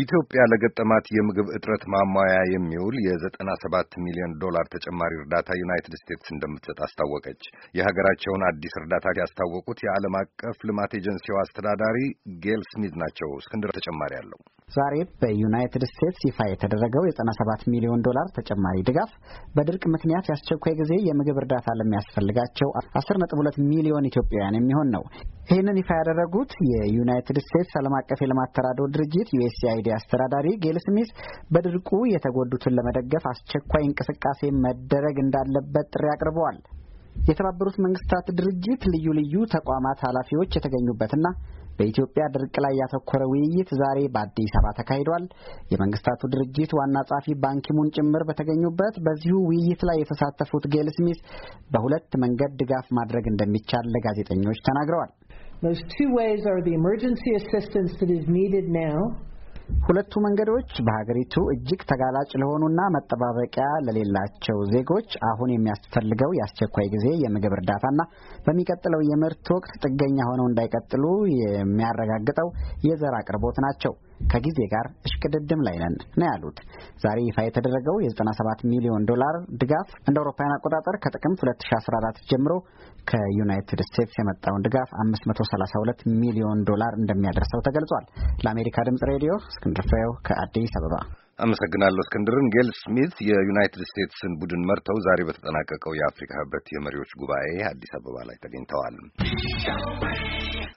ኢትዮጵያ ለገጠማት የምግብ እጥረት ማሟያ የሚውል የዘጠና ሰባት ሚሊዮን ዶላር ተጨማሪ እርዳታ ዩናይትድ ስቴትስ እንደምትሰጥ አስታወቀች። የሀገራቸውን አዲስ እርዳታ ያስታወቁት የዓለም አቀፍ ልማት ኤጀንሲው አስተዳዳሪ ጌል ስሚዝ ናቸው። እስክንድር ተጨማሪ አለው። ዛሬ በዩናይትድ ስቴትስ ይፋ የተደረገው የ97 ሚሊዮን ዶላር ተጨማሪ ድጋፍ በድርቅ ምክንያት የአስቸኳይ ጊዜ የምግብ እርዳታ ለሚያስፈልጋቸው አስር ሚሊዮን ኢትዮጵያውያን የሚሆን ነው። ይህንን ይፋ ያደረጉት የዩናይትድ ስቴትስ ዓለም አቀፍ የልማት ተራድኦ ድርጅት ዩኤስኤአይዲ አስተዳዳሪ ጌል ስሚስ በድርቁ የተጎዱትን ለመደገፍ አስቸኳይ እንቅስቃሴ መደረግ እንዳለበት ጥሪ አቅርበዋል። የተባበሩት መንግስታት ድርጅት ልዩ ልዩ ተቋማት ኃላፊዎች የተገኙበትና በኢትዮጵያ ድርቅ ላይ ያተኮረ ውይይት ዛሬ በአዲስ አበባ ተካሂዷል። የመንግስታቱ ድርጅት ዋና ጸሐፊ ባንኪሙን ጭምር በተገኙበት በዚሁ ውይይት ላይ የተሳተፉት ጌል ስሚስ በሁለት መንገድ ድጋፍ ማድረግ እንደሚቻል ለጋዜጠኞች ተናግረዋል። Those two ways are the emergency assistance that is needed now. ሁለቱ መንገዶች በሀገሪቱ እጅግ ተጋላጭ ለሆኑና መጠባበቂያ ለሌላቸው ዜጎች አሁን የሚያስፈልገው የአስቸኳይ ጊዜ የምግብ እርዳታና በሚቀጥለው የምርት ወቅት ጥገኛ ሆነው እንዳይቀጥሉ የሚያረጋግጠው የዘር አቅርቦት ናቸው። ከጊዜ ጋር እሽቅድድም ላይ ነን ነው ያሉት። ዛሬ ይፋ የተደረገው የ97 ሚሊዮን ዶላር ድጋፍ እንደ አውሮፓውያን አቆጣጠር ከጥቅምት 2014 ጀምሮ ከዩናይትድ ስቴትስ የመጣውን ድጋፍ 532 ሚሊዮን ዶላር እንደሚያደርሰው ተገልጿል። ለአሜሪካ ድምጽ ሬዲዮ እስክንድር ፍሬው ከአዲስ አበባ አመሰግናለሁ እስክንድርን። ጌል ስሚት የዩናይትድ ስቴትስን ቡድን መርተው ዛሬ በተጠናቀቀው የአፍሪካ ህብረት የመሪዎች ጉባኤ አዲስ አበባ ላይ ተገኝተዋል።